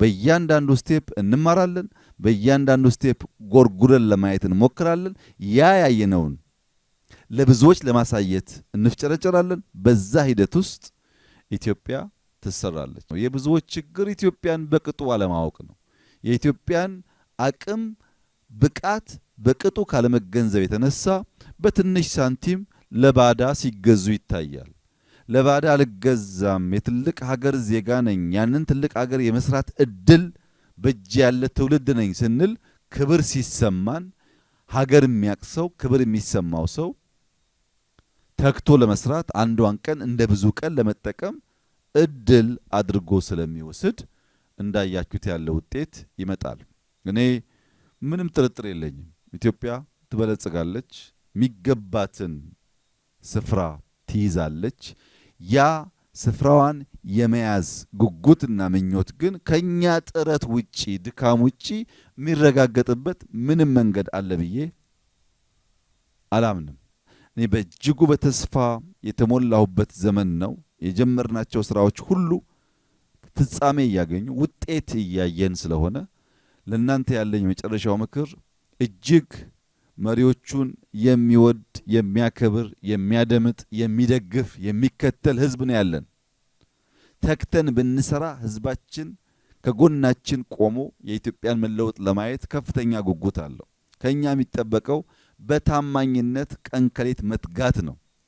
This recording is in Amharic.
በእያንዳንዱ ስቴፕ እንማራለን። በእያንዳንዱ ስቴፕ ጎርጉረን ለማየት እንሞክራለን። ያ ያየነውን ለብዙዎች ለማሳየት እንፍጨረጨራለን። በዛ ሂደት ውስጥ ኢትዮጵያ ትሰራለች። የብዙዎች ችግር ኢትዮጵያን በቅጡ አለማወቅ ነው። የኢትዮጵያን አቅም ብቃት በቅጡ ካለመገንዘብ የተነሳ በትንሽ ሳንቲም ለባዳ ሲገዙ ይታያል። ለባዳ አልገዛም፣ የትልቅ ሀገር ዜጋ ነኝ፣ ያንን ትልቅ ሀገር የመስራት እድል በእጅ ያለ ትውልድ ነኝ ስንል ክብር ሲሰማን ሀገር የሚያቅ ሰው ክብር የሚሰማው ሰው ተክቶ ለመስራት አንዷን ቀን እንደ ብዙ ቀን ለመጠቀም እድል አድርጎ ስለሚወስድ እንዳያችሁት ያለ ውጤት ይመጣል። እኔ ምንም ጥርጥር የለኝም ኢትዮጵያ ትበለጽጋለች፣ የሚገባትን ስፍራ ትይዛለች። ያ ስፍራዋን የመያዝ ጉጉትና ምኞት ግን ከእኛ ጥረት ውጪ ድካም ውጪ የሚረጋገጥበት ምንም መንገድ አለ ብዬ አላምንም። እኔ በእጅጉ በተስፋ የተሞላሁበት ዘመን ነው። የጀመርናቸው ስራዎች ሁሉ ፍጻሜ እያገኙ ውጤት እያየን ስለሆነ ለእናንተ ያለኝ የመጨረሻው ምክር እጅግ መሪዎቹን የሚወድ የሚያከብር፣ የሚያደምጥ፣ የሚደግፍ፣ የሚከተል ህዝብ ነው ያለን። ተክተን ብንሰራ ህዝባችን ከጎናችን ቆሞ የኢትዮጵያን መለወጥ ለማየት ከፍተኛ ጉጉት አለው። ከኛ የሚጠበቀው በታማኝነት ቀን ከሌት መትጋት ነው።